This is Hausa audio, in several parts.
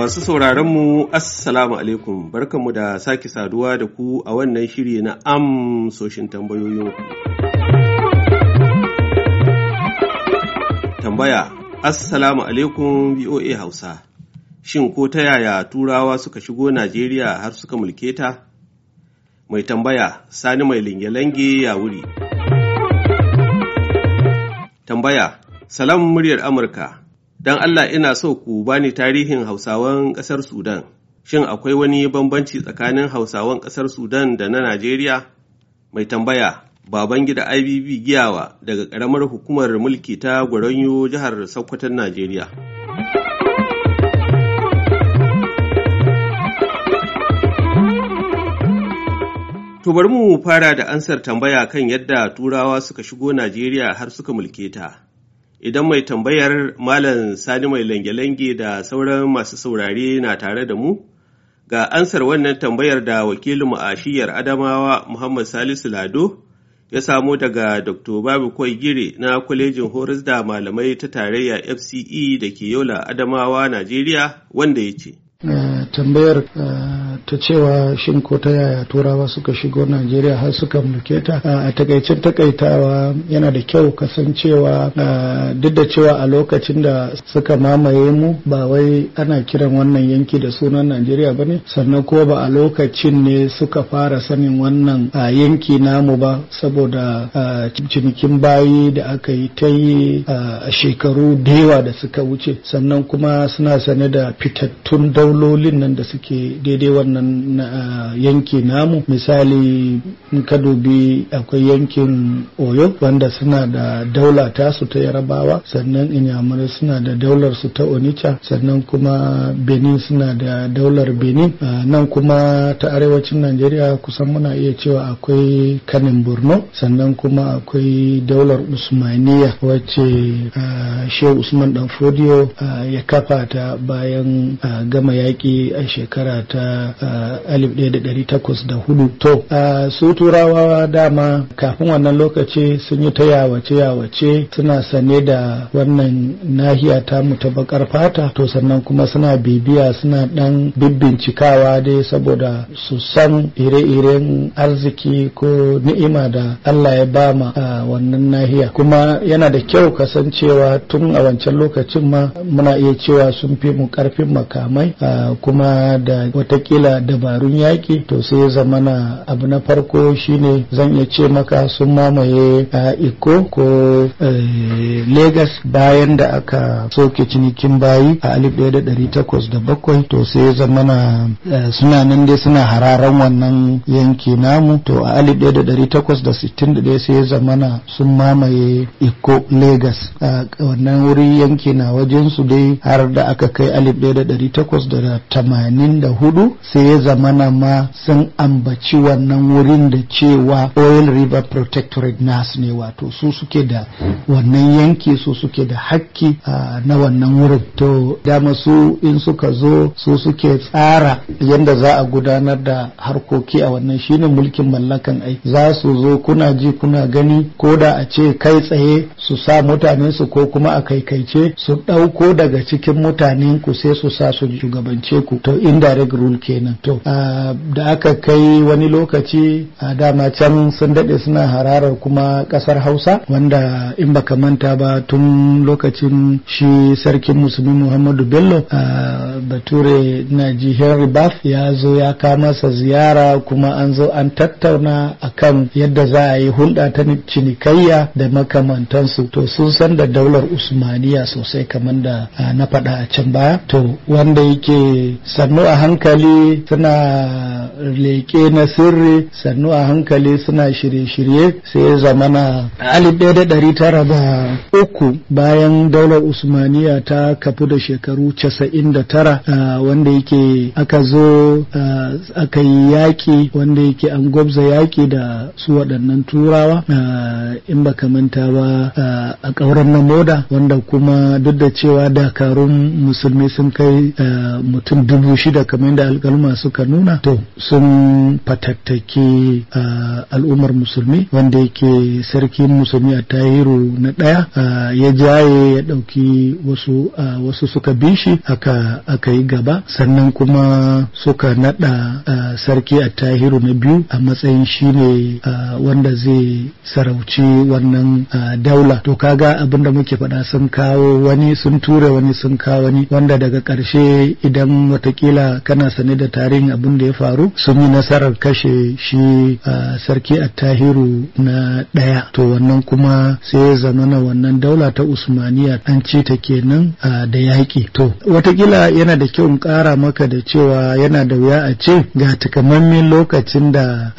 Masu sauraronmu, Assalamu alaikum, barkanmu da sake saduwa da ku a wannan shiri na amsoshin tambayoyinku. Tambaya, Assalamu alaikum BOA Hausa, shin ko ta yaya turawa suka shigo Najeriya har suka mulke ta? Mai tambaya, Sani mai linge-lange ya wuri. Tambaya, Salam muryar Amurka. Don Allah ina so ku bani tarihin Hausawan ƙasar Sudan. Shin akwai wani bambanci tsakanin Hausawan ƙasar Sudan da na Najeriya? Mai tambaya, baban gida IBB Giyawa daga ƙaramar hukumar mulki ta Gwaranyo jihar Sokoton Najeriya. To bari mu fara da ansar tambaya kan yadda Turawa suka shigo Najeriya har suka mulke ta. Idan mai tambayar Malam Sani mai lange-lange da sauran masu saurare na tare da mu, ga ansar wannan tambayar da wakilinmu a shiyar Adamawa Muhammad Salisu Lado ya samo daga Dr. Babu Gire na kwalejin Horis da Malamai ta tarayya FCE da ke Yola Adamawa, Najeriya, wanda ya ce. Eh, tambayar eh, ta cewa shin ko ta yaya turawa suka shigo najeriya har suka mulke ta a takaicin takaitawa yana da kyau kasancewa duk da cewa a lokacin da suka mamaye mu ba wai ana kiran wannan yanki da sunan najeriya ba ne sannan ko ba a lokacin ne suka fara sanin wannan yanki namu ba saboda cinikin bayi da aka yi ta yi a shekaru da yawa da suka wuce sannan kuma suna sane da fitattun daulolin nan da suke daidai wannan wannan yanki namu misali kadubi akwai yankin oyo wanda suna da daula tasu ta yarabawa sannan inyamurai suna da daular su ta onitsha sannan kuma benin suna da daular benin nan kuma ta arewacin najeriya kusan muna iya cewa akwai kanin borno sannan kuma akwai daular usmaniya wacce shehu usman danfodiyo ya kafa ta bayan gama yaƙi a shekara ta da takwas hudu to su turawa dama kafin wannan lokaci sun yi ta yawace yawace suna sane da wannan nahiya ta mu ta bakar fata to sannan kuma suna bibiya suna dan bibbincikawa dai saboda su san ire-iren arziki ko ni'ima da Allah ya bama a wannan nahiya kuma yana da kyau kasancewa tun a wancan lokacin ma muna iya cewa sun fi mu karfin makamai kuma da watakila da dabarun yaƙi to sai zamana zama na abu na farko shine zan iya ce maka sun mamaye a iko ko eh, Legas bayan da aka soke cinikin bayi a 1807 to sai zama na eh, suna nan dai suna hararan wannan yanki namu to a 1861 sai zama na sun mamaye iko Legas a wannan wuri yanki na wajen su dai har da aka kai 1884 sai ya zamana ma sun ambaci wannan wurin da cewa oil river protectorate nas ne wato su suke da wannan yanki su suke da hakki na wannan wurin to dama su in suka zo su suke tsara yadda za a gudanar da harkoki a wannan shine mulkin mallakan aiki za su zo kuna ji kuna gani ko da a ce kai tsaye su sa mutane su ko kuma a kaikaice su ɗauko daga cikin mutanen ku sai su sa su shugabance ku to indirect rule ke kenan to ah, da aka kai wani lokaci a ah, dama can sun daɗe suna hararar kuma ƙasar hausa wanda in baka manta ba tun lokacin shi sarkin musulmi muhammadu bello ah, bature na ji henry bath ya zo ya kama sa ziyara kuma an zo an tattauna a kan yadda za a yi hulɗa ta cinikayya da makamantansu to sun san da daular usmaniya sosai kamar da na faɗa a can baya to wanda yake sannu a hankali suna leke na sirri sannu a hankali suna shirye-shirye sai ya zamana alif ɗaya da ɗari tara da uku bayan daular usmaniya ta kafu da shekaru casa'in da tara wanda yake aka zo aka yi yaƙi wanda yake an gwabza yaƙi da su waɗannan turawa in ba manta ba a ƙauren na moda wanda kuma duk da cewa dakarun musulmi sun kai mutum dubu shida kamar da alƙalin al'umma suka nuna to sun fatattake al'ummar musulmi wanda yake sarkin musulmi a tahiru na ɗaya ya jaye ya ɗauki wasu wasu suka bi shi aka aka yi gaba sannan kuma suka naɗa sarki a tahiru na biyu a matsayin shine wanda zai sarauci wannan daula to kaga abin da muke faɗa sun kawo wani sun ture wani sun kawo wani wanda daga ƙarshe idan watakila kana sane da tarihin abin da ya faru sun yi nasarar kashe shi a sarki attahiru na ɗaya to wannan kuma sai ya zamana wannan daula ta usmaniya an ce ta kenan da yaƙi to watakila yana da kyau in ƙara maka da cewa yana da wuya a ce ga takamammen lokacin da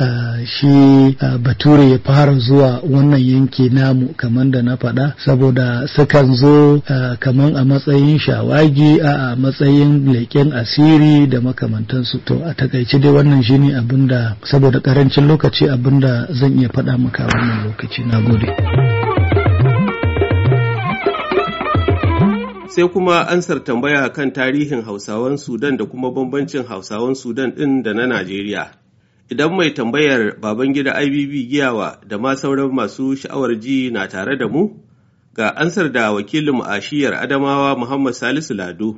shi bature ya fara zuwa wannan yanki namu kamar da na faɗa saboda sukan zo kamar a matsayin shawagi a matsayin leƙen asiri da makamantan sauransu to a takaice dai wannan shine abin da saboda karancin lokaci abin da zan iya faɗa maka wannan lokaci na gode sai kuma ansar tambaya kan tarihin hausawan sudan da kuma bambancin hausawan sudan ɗin da na najeriya idan mai tambayar babangida ibb giyawa da ma sauran masu sha'awar ji na tare da mu ga ansar da wakilin ashiyar adamawa muhammad salisu lado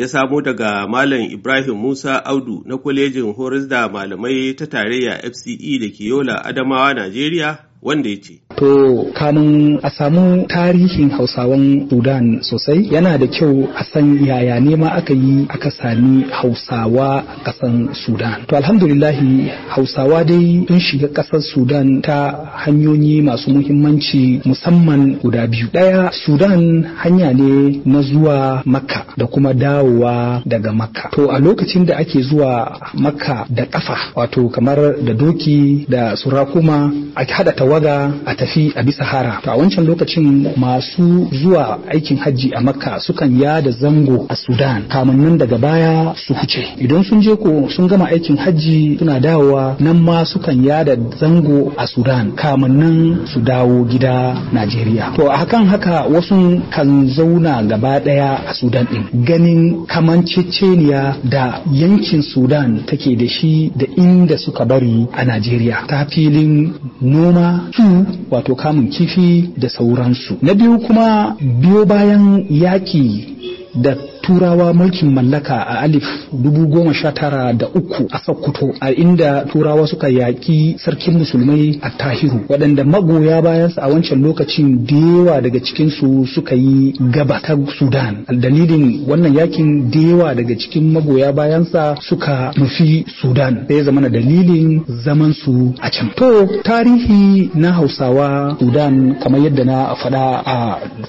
ya samo daga Malam Ibrahim Musa Audu na kwalejin horis da malamai ta tarayya FCE da ke Yola Adamawa Najeriya wanda ya ce. To kamun a samu tarihin Hausawan Sudan sosai yana da kyau a san yaya nema aka yi aka sami Hausawa a ƙasan Sudan. To alhamdulillahi Hausawa dai sun shiga ƙasar Sudan ta hanyoyi masu muhimmanci musamman guda biyu. Daya Sudan hanya ne na zuwa Makka da kuma dawowa daga Makka. To a lokacin da ake zuwa Makka da ƙafa wato kamar da doki da surakuma a haɗa tawaga a tafi tafi a bisa hara to a wancan lokacin masu zuwa aikin hajji a makka sukan ya da zango a sudan kamannin daga baya su huce idan sun je ko sun gama aikin hajji suna dawowa nan ma sukan ya da zango a sudan kamannin su dawo gida najeriya to a hakan haka wasu kan zauna gaba daya a sudan din ganin kamanceceniya da yankin sudan take da shi da inda suka bari a najeriya ta filin noma su wato kamun kifi da sauransu na biyu kuma biyo bayan yaki da turawa mulkin mallaka a alif dubu goma sha tara da uku a sakkuto a inda turawa suka yaƙi sarkin musulmai a tahiru waɗanda magoya bayansa a wancan lokacin da yawa daga cikinsu suka yi gaba ta sudan dalilin wannan yakin da yawa daga cikin magoya bayansa suka nufi sudan da ya zama dalilin zaman su a can to tarihi na hausawa sudan kamar yadda na faɗa a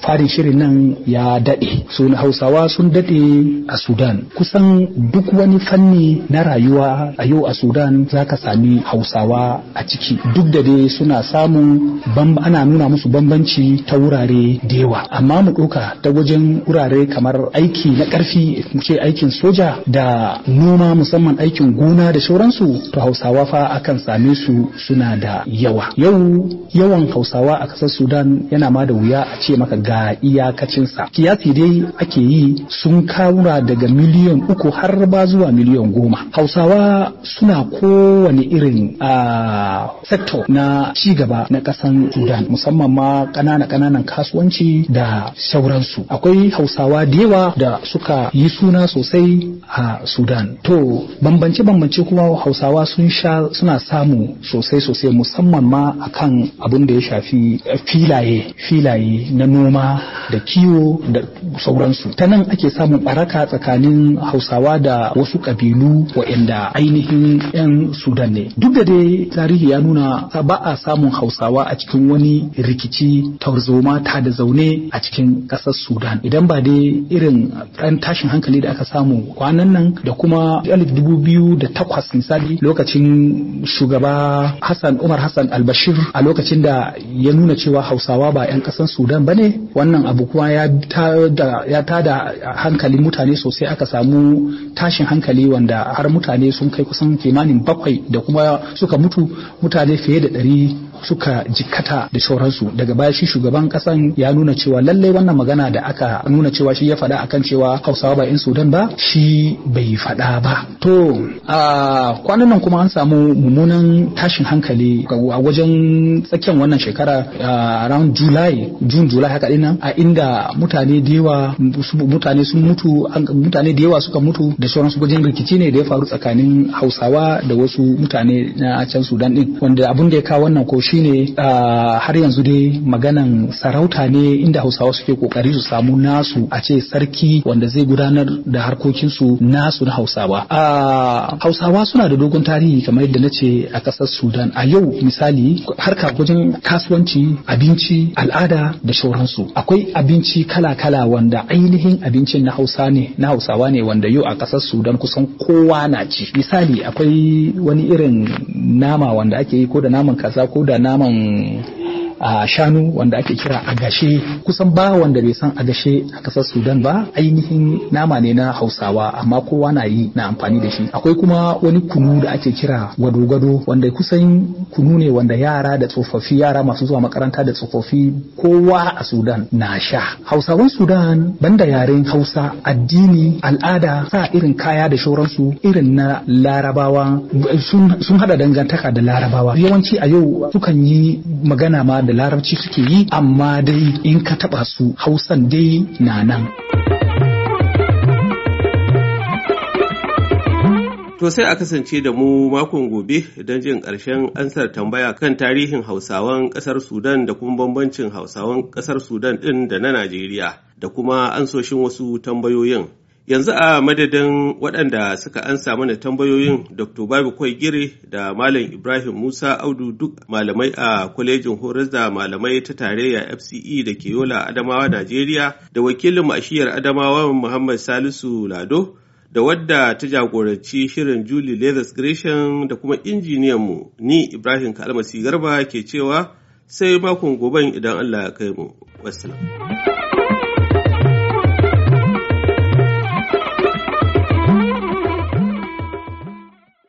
farin shirin nan ya daɗe na hausawa sun daɗe daɗe a Sudan kusan duk wani fanni na rayuwa a yau a Sudan za ka sami Hausawa a ciki duk da dai suna samun ana nuna musu bambanci ta wurare da yawa amma mu ɗauka ta wajen wurare kamar aiki na ƙarfi mu aikin soja da noma musamman aikin gona da sauransu to Hausawa fa akan same su suna da yawa yau yawan Hausawa a ƙasar Sudan yana ma da wuya a ce maka ga iyakacinsa kiyasi dai ake yi sun in kawura daga miliyan uku har ba zuwa miliyan goma hausawa suna kowane irin a sektor na cigaba na kasan sudan musamman ma ƙanana ƙananan kasuwanci da sauransu akwai hausawa da yawa da suka yi suna sosai a sudan to bambance bambance kuma hausawa sun sha suna samu sosai sosai musamman ma akan abin da ya shafi filaye filaye na noma da kiwo da sauransu ta nan ake samu samun baraka tsakanin hausawa da wasu kabilu waɗanda ainihin 'yan sudan ne duk da dai tarihi ya nuna ba a samun hausawa a cikin wani rikici tarzoma ta da zaune a cikin ƙasar sudan idan ba dai irin ɗan tashin hankali da aka samu kwanan nan da kuma alif dubu biyu da takwas misali lokacin shugaba hassan umar hassan albashir a lokacin da ya nuna cewa hausawa ba 'yan ƙasar sudan ba ne wannan abu kuma ya ta da hankalin mutane sosai aka samu tashin hankali wanda har mutane sun kai kusan kimanin bakwai da kuma suka mutu mutane fiye da ɗari suka jikkata da shauransu daga baya shi shugaban kasan ya nuna cewa lallai wannan magana da aka nuna cewa shi ya faɗa akan cewa hausawa ba 'yan sudan ba shi bai faɗa ba to a kwanan nan kuma an samu mummunan tashin hankali a wajen tsakiyar wannan shekara around july june july haka dinnan a inda mutane da yawa mutane sun mutu mutane da yawa suka mutu da sauransu wajen rikici ne da ya faru tsakanin hausawa da wasu mutane na can sudan din wanda abun da ya kawo wannan ko shine har yanzu dai maganan sarauta ne inda hausawa suke kokari su samu nasu a ce sarki wanda zai gudanar da harkokinsu nasu na hausawa hausawa suna da dogon tarihi kamar yadda na ce a ƙasar sudan a yau misali harka wajen kasuwanci abinci al'ada da shauransu akwai abinci kala-kala wanda ainihin abincin na hausa ne na hausawa ne wanda yau a ƙasar sudan kusan kowa na ci misali akwai wani irin nama wanda ake yi ko da naman kasa ko da naman a shanu wanda ake kira agashe kusan ba wanda bai san agashe a kasar sudan ba ainihin nama ne na hausawa amma kowa na yi na amfani da shi akwai kuma wani kunu da ake kira gwado-gwado wanda kusan kunu ne wanda yara da tsofaffi yara masu zuwa makaranta da tsofaffi kowa a sudan na sha hausawan sudan banda yaren hausa addini al'ada sa irin kaya da shauransu irin na larabawa sun hada dangantaka da larabawa yawanci a yau sukan yi magana ma da da larabci suke yi amma dai in ka taba su hausan dai na nan. To sai a kasance da mu makon gobe don jin ƙarshen ansar tambaya kan tarihin Hausawan ƙasar Sudan da kuma bambancin Hausawan ƙasar Sudan ɗin da na Najeriya da kuma ansoshin wasu tambayoyin. Yanzu a madadin waɗanda suka ansa mana tambayoyin Dr. Babu Kwai Gire da Malam Ibrahim Musa Audu duk malamai a kwalejin horar da malamai ta tarayya FCE da ke Yola Adamawa Najeriya da wakilin mashiyar Adamawa Muhammad Salisu Lado da wadda ta jagoranci shirin Julie Leathers Gresham da kuma injiniyanmu ni Ibrahim Kalmasi Garba ke cewa sai makon gobe idan Allah ya kai mu. Wassalam.